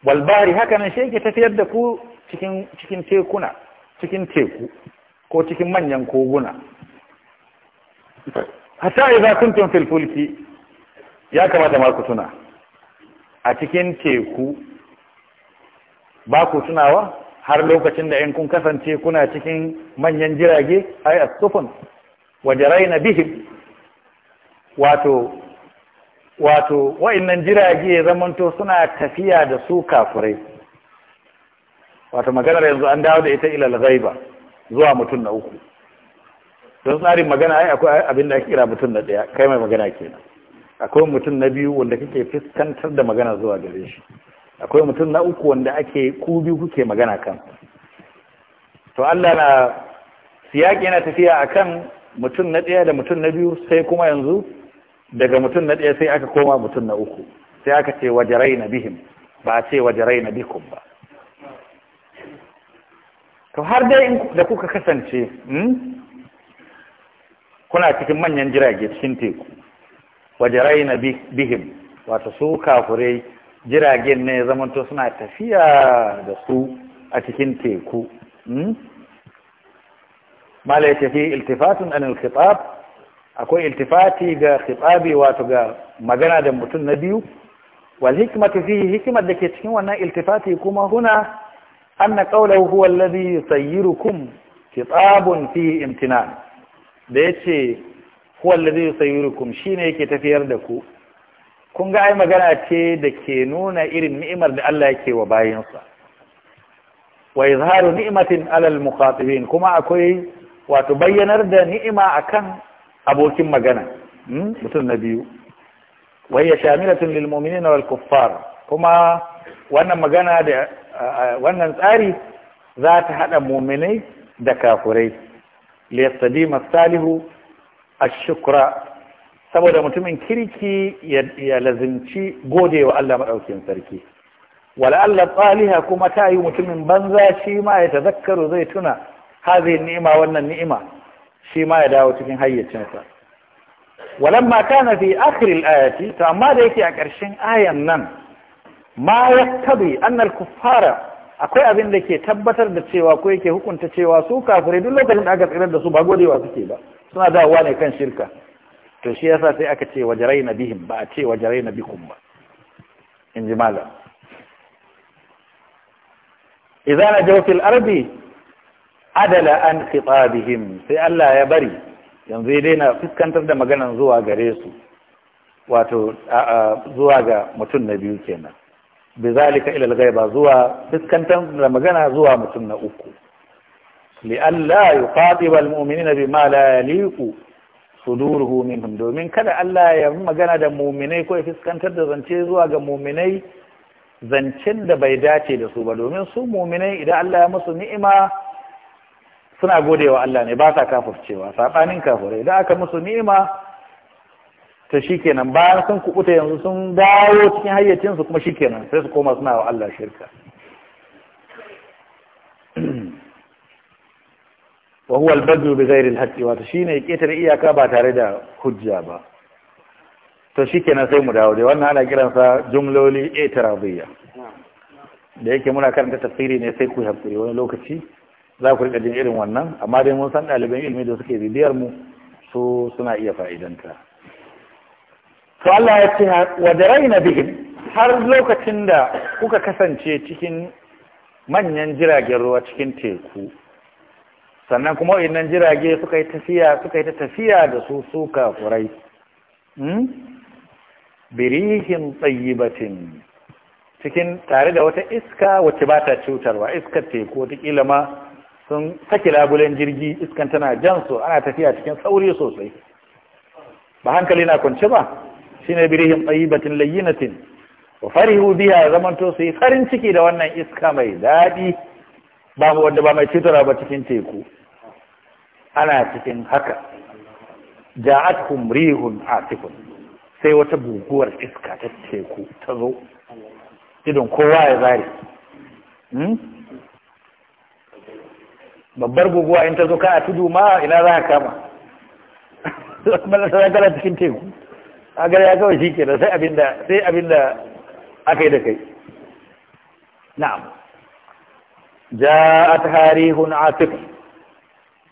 Speaker 3: wal bari haka nan shi yake tafiyar da ku cikin cikin tekuna cikin teku ko cikin manyan koguna hatta idza kuntum fil fulki ya kamata ma ku tuna a cikin teku ba ku tunawa har lokacin da in kun kasance kuna cikin manyan jirage ai a sufun wajaraina bihim wato wato wa'annan jirage zamanto suna tafiya da su kafurai wato maganar yanzu an dawo da ita ilal ghaiba zuwa mutum na uku don tsarin magana ai akwai abin da ake kira mutum na daya kai mai magana kenan akwai mutum na biyu wanda kake fuskantar da magana zuwa gare shi akwai mutum na uku wanda ake ku biyu kuke magana kan to Allah na siyaki yana tafiya akan mutum na ɗaya da mutum na biyu sai kuma yanzu daga mutum na ɗaya sai aka koma mutum na uku sai aka ce wajarai na bihim ba a ce wajarai na bikum ba to har dai da kuka kasance hmm? kuna cikin manyan jirage cikin teku na bihim wato su kafurai jiragen ne zamanto suna tafiya da su a cikin teku hmm? mala ya fi iltifatun an ilkitab akwai iltifati ga khitabi wato ga magana da mutum na biyu wal hikmatu fihi hikmat ke cikin wannan iltifati kuma huna anna qawluhu huwa alladhi yusayyirukum khitabun fi imtinan da yace huwa allazi yusayyirukum shine yake tafiyar da ku kun ga ai magana ce da ke nuna irin ni'imar da Allah yake wa bayinsa wa izharu ni'matin alal mukhatibin kuma akwai wato bayyanar da ni'ima akan abokin magana hmm, mutum na biyu wa hiya shamilatun lil mu'minina wal kuffar kuma wannan magana da wannan tsari za ta hada mu'minai da kafurai liyastadima salihu shukra saboda mutumin kirki ya lazimci gode wa Allah maɗaukin sarki wala'alla tsaliha kuma ta yi mutumin banza shi ma ya tazakkaru zai tuna hazi ni'ima wannan ni'ima shi ma ya dawo cikin hayyacinsa walamma kana fi akhiril ayati to amma da yake a ƙarshen ayan nan ma yaktabi annal kuffara akwai abin da ke tabbatar da cewa ko yake hukunta cewa su kafirai duk lokacin da aka tsirar da su ba godewa suke ba
Speaker 2: suna dawowa ne kan
Speaker 3: shirka to shi yasa sai aka ce wajarai na bihim ba a ce wajarai na bikum ba in ji mala idan na jawfil arbi adala an khitabihim sai Allah ya bari yanzu ya daina fuskantar da maganan zuwa gare su wato zuwa ga mutum na biyu kenan bizalika ila al-ghaiba zuwa fuskantar da magana zuwa mutum na uku li'alla yuqatiba almu'minina bima la yaliqu suduruhu minhum domin kada Allah ya magana da mu'minai ko ya fuskantar da zance zuwa ga mu'minai zancen da bai dace da su ba domin su mu'minai idan Allah ya musu ni'ima suna godewa Allah ne ba sa kafurcewa sabanin kafurai idan aka musu ni'ima ta shikenan bayan sun kubuta yanzu sun dawo cikin hayyacinsu kuma shikenan sai su koma suna wa Allah shirka wa huwa al-badru bi ghairi al-haqqi shine ketare iyaka ba tare da hujja ba to shikenan sai mu dawo dai wannan ana kiransa jumloli itiradiyya da yake muna karanta tafsiri ne sai ku hakuri wani lokaci za ku rika jin irin wannan amma dai mun san ɗaliban ilimi da suke bibiyar mu su suna iya fa'idanta to Allah ya ce wa daraina bihi har lokacin da kuka kasance cikin manyan jiragen ruwa cikin teku sannan kuma wayannan jirage suka yi tafiya suka yi ta tafiya da su suka kurai hmm? birihin tsayibatin cikin tare da wata iska wacce ba ta cutarwa iskar teku wata ma sun sake labulen jirgi iskan tana jan su ana tafiya cikin sauri sosai ba hankali na kwanci ba Shi ne birihin tsayibatin layyinatin wa farihu biya zamanto su yi farin ciki da wannan iska mai daɗi ba wanda ba mai cutarwa ba cikin teku ana cikin haka ja'atkum rihun atifun sai wata guguwar iska ta teku ta zo idon kowa ya zare hmm? babbar guguwa in ta zo ka a tudu ma ina za ka kama ta zagara cikin teku a gari ya kawai shi kenan sai abinda sai abinda aka yi da kai na'am ja'at harihun atifun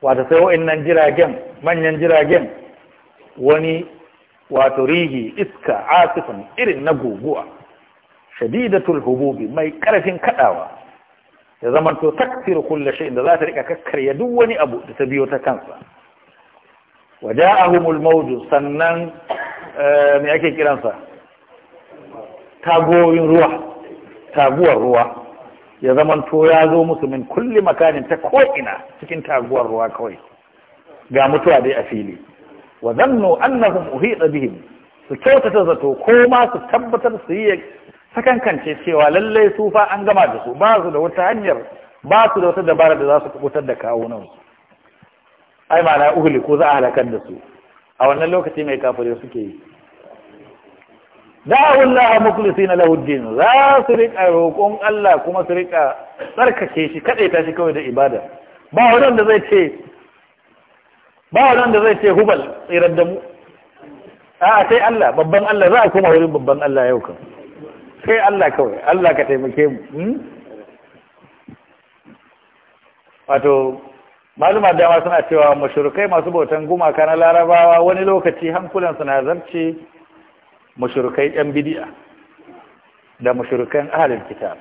Speaker 3: wato sai wa'annan jiragen manyan jiragen wani wato rihi iska asifin irin na guguwa shadidatul hububi mai karfin kadawa ya zama to taksir kullu shay'in da za ta rika kakkarya duk wani abu da ta biyo ta kansa waja'ahumul mawj sannan eh, me ake kiransa tagoyin ruwa taguwar ruwa ya zaman to ya zo musu min kulli makanin ta ko'ina cikin taguwar ruwa kawai ga mutuwa dai a fili wa zannu annahum uhita bihim su kyautata zato ko ma su tabbatar su yi sakankance cewa lallai su fa an gama da su ba su da wata hanyar ba su da wata dabara da za su kubutar da kawunan nan ai na uhli ko za a halakar da su a wannan lokaci mai kafare suke yi da'u Allah muklisin lahu din za su rika roƙon Allah kuma su rika tsarkake shi kadai ta shi kawai da ibada ba wanda zai ce ba wanda zai ce hubal tsirar da mu a sai Allah babban Allah za a kuma wurin babban Allah yau kan sai Allah kawai Allah ka taimake mu wato maluma dama suna cewa mashrukai masu bautan gumaka na larabawa wani lokaci hankulansu na zarce mushrikai ɗan bidiya da mushrikan ahalin kitab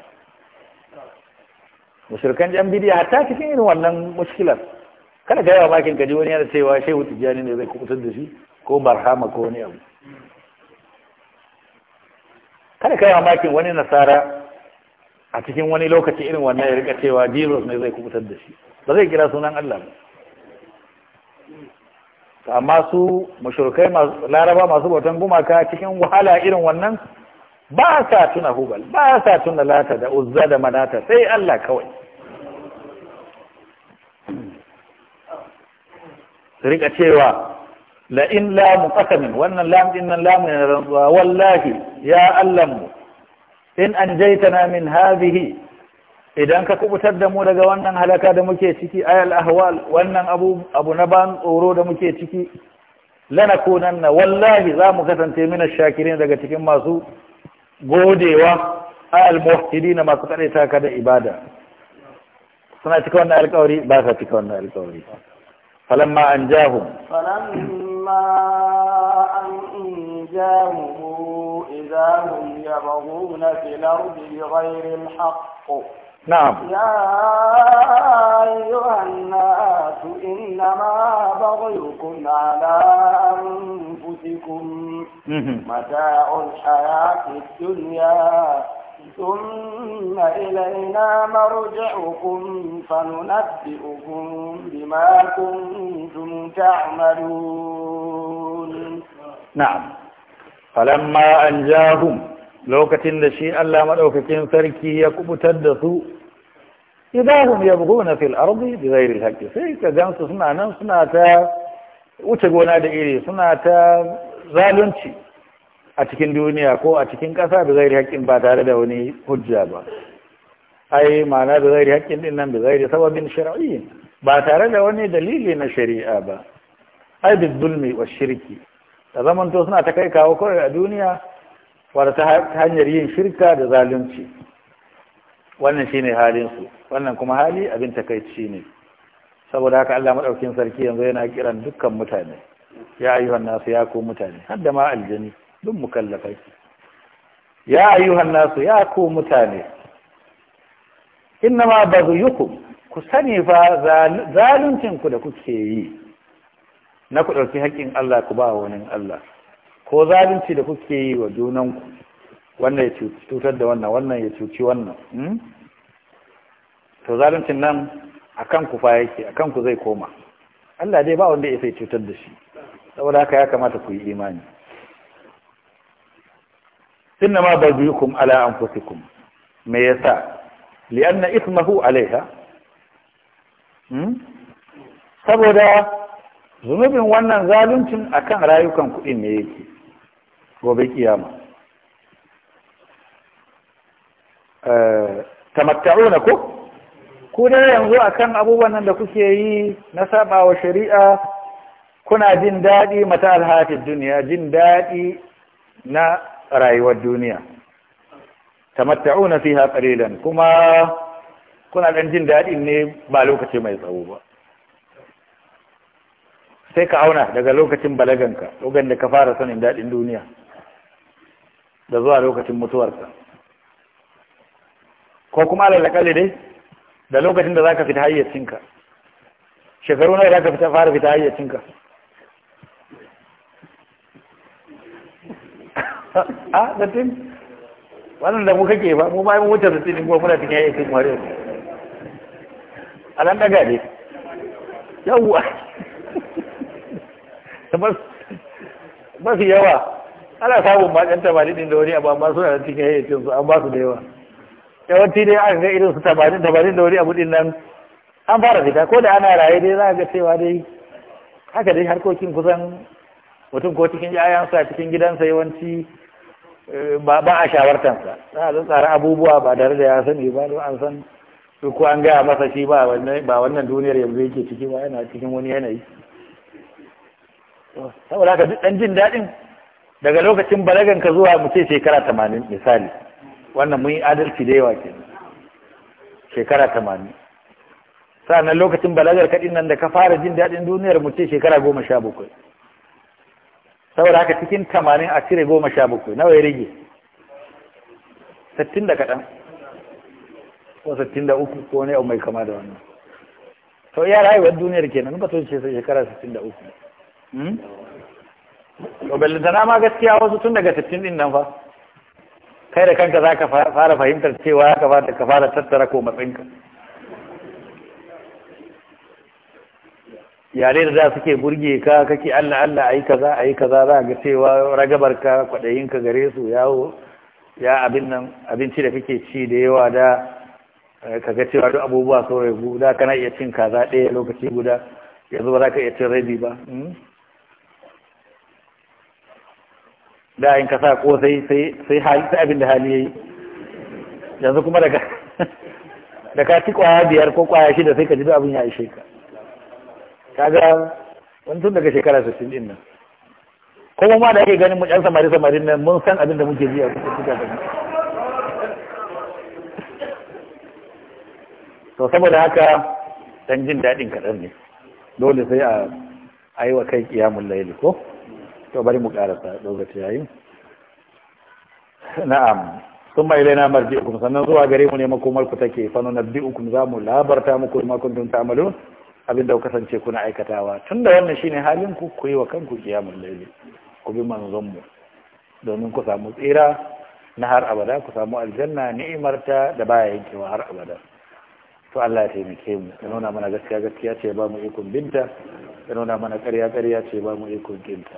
Speaker 3: mushrikan ɗan bidiya hatta cikin irin wannan mushkilar kada ka yawa makin gaji wani yana cewa shehu tijjani ne zai kubutar da shi ko barhama ko wani abu kada ka yawa makin wani nasara a cikin wani lokaci irin wannan ya rika cewa jesus ne zai kubutar da shi ba zai kira sunan allah ba amma su mashirkai laraba masu bautan gumaka cikin wahala irin wannan ba sa tuna hubal ba sa tuna lata da uzza da manata sai Allah kawai rika cewa la'in lamu qasamin wannan lam din nan lamu ne wallahi ya Allah mu in anjaytana min hadhihi idan ka kubutar da mu daga wannan halaka da muke ciki ayal ahwal wannan abu abu na ban tsoro da muke ciki lana kunanna wallahi za mu kasance mina shakirin daga cikin masu godewa ayal muwahhidin masu kare ka da ibada suna cika wannan alƙawari ba sa cika wannan alƙawari falamma anjahum
Speaker 1: falamma anjahum idan hum yabghuna fil ardi bighayri al haqq نعم يا أيها الناس إنما بغيكم على أنفسكم متاع الحياة الدنيا ثم إلينا مرجعكم فننبئكم بما كنتم
Speaker 2: تعملون
Speaker 3: نعم فلما أنجاهم lokacin da shi Allah maɗaukakin sarki ya kubutar da su Idan idahum yabghuna fil ardi bighairi al sai ka gansu suna nan suna ta wuce gona da iri suna ta zalunci a cikin duniya ko a cikin ƙasa da haƙƙin ba tare da wani hujja ba ai ma'ana da haƙƙin din nan da zai sababin shar'i ba tare da wani dalili na shari'a ba ai bi zulmi wa shirki da zaman suna ta kai kawo kawai a duniya wata ta hanyar yin shirka da zalunci wannan shine halinsu wannan kuma hali abin takaici ne saboda haka Allah madaukin sarki yanzu yana kiran dukkan mutane ya ayyuhan nasu ya ku mutane har da ma aljini duk mukallafai
Speaker 2: ya ayyuhan nasu
Speaker 3: ya ku mutane innama baghiyukum ku sani fa zaluncin ku da kuke yi na ku dauki haƙƙin Allah ku ba wani Allah ko zalunci da kuke yi wa junanku wannan ya cutar da wannan wannan ya cuci wannan hmm? to zaluncin nan a kanku fa yake a kanku zai koma Allah dai ba wanda ya sai cutar da shi saboda haka ya kamata ku yi imani inna ma baghyukum ala anfusikum me yasa li'anna ismahu alaiha hmm? saboda zunubin wannan zaluncin akan rayukan kuɗin ne yake gobe kiyama eh, tamatta'una ko ku dai yanzu akan abubuwan nan da kuke yi na saba wa shari'a kuna jin daɗi mata alhafi duniya jin daɗi na rayuwar duniya tamatta'una fiha qalilan kuma kuna ɗan jin daɗin ne ba lokaci mai tsawo ba sai ka auna daga lokacin balaganka lokacin da ka fara sanin daɗin duniya da zuwa lokacin mutuwarsa ko kuma alalakalli dai da lokacin da za ka fita hayyacinka shekaru na da za ka fita fara fita hayyacinka ah, a zattin wannan da mu kake ba mu bayan wuce zattin ko muna cikin hayyacin wariyar a nan daga ne yawwa su yawa ana samun ma ɗan tamanin da wani abu amma suna da cikin hayyacin su an ba su da yawa yawanci dai an ga irin su tamanin tamanin da wani abu din nan an fara fita ko da ana raye dai za a ga cewa dai haka dai harkokin kusan mutum ko cikin yayansa cikin gidansa yawanci eh, ba a sa za a tsara abubuwa ba tare da ya sani ba don an san ko an gaya masa shi ba wannan duniyar yanzu yake ciki ba yana cikin wani yanayi saboda haka duk ɗan jin daɗin daga lokacin balagan ka zuwa mu ce shekara tamanin misali wannan mun yi adalci da yawa ke shekara tamanin sa'annan lokacin balagar kaɗin nan da ka fara jin daɗin duniyar mu ce shekara goma sha bakwai saboda haka cikin tamanin a cire goma sha bakwai nawa ya rage sittin da kaɗan ko sittin da uku ko wani abu mai kama da wannan to iya rayuwar duniyar kenan ba to ce shekara sittin da uku hmm? ballantana ma gaskiya wasu tun daga sittin din nan fa kai da kanka za ka fara fahimtar cewa ya kamata ka fara tattara ko matsinka yare da za suke burge ka kake allah allah ayi kaza ayi kaza za ga cewa ragabar ka kwaɗayin ka gare su yawo ya abin nan abinci da kake ci da yawa da eh, ka ga cewa duk abubuwa sun ragu da kana iya cin kaza ɗaya lokaci guda yanzu ba za ka iya cin rabi ba hmm? da in ka sa ko sai hali sai abin da hali yayi yanzu kuma daga da ka ci kwaya biyar ko kwaya shida sai ka ji abin ya ishe ka kaga wani tun daga shekara 60 din nan kuma ma da ake ganin mu yan samari samarin nan mun san abin da muke ji a cikin suka da to saboda haka dan jin daɗin kaɗan ne dole sai a aiwa kai kiyamul laili ko to bari mu karasa lokaci yayi na'am sun mai marji hukum sannan zuwa gare mu ne makomar ku take fa hukum za mu labarta muku ma tun ta'malun abin da kasance kuna aikatawa tunda wannan shine halin ku ku yi wa kanku kiyamul layli ku bi manzon mu domin ku samu tsira na har abada ku samu aljanna ni'imarta da baya yankewa har abada to Allah ya taimake mu ya nuna mana gaskiya gaskiya ce ba mu ikon binta ya nuna mana ƙarya ƙarya ce ba mu ikon kinta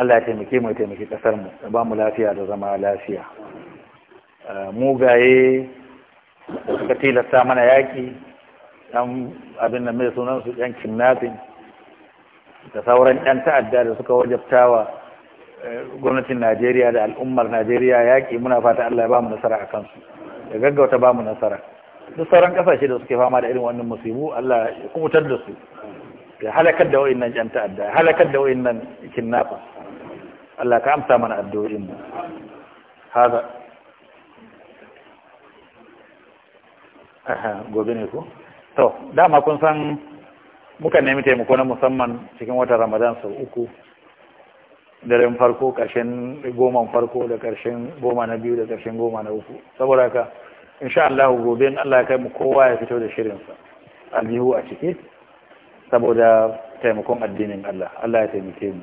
Speaker 3: Allah ya taimake mu ya taimake kasar mu ya ba mu lafiya da zama lafiya eh, mugaye suka tilasta mana yaki dan abin da mai sunan su yan kidnapping da sauran yan ta'adda da suka wajabtawa eh, gwamnatin Najeriya da al'ummar Najeriya yaƙi muna fata Allah ya ba mu nasara a kansu ya gaggauta ba mu nasara duk sauran kasashe da suke fama da irin wannan musibu Allah ya kubutar da su ya halakar da wa'annan ƴan ta'adda ya halakar da wa'annan kinnafa Allah ka amsa mana addu'o'in mu haza aha gobe ne ko to dama kun san muka nemi taimako na musamman cikin watan Ramadan sau uku daren farko ƙarshen goman farko da ƙarshen goma na biyu da ƙarshen goma na uku saboda ka, insha Allah gobe in Allah ya kai mu kowa ya fito da shirinsa albihu a ciki saboda taimakon addinin Allah Allah ya taimake mu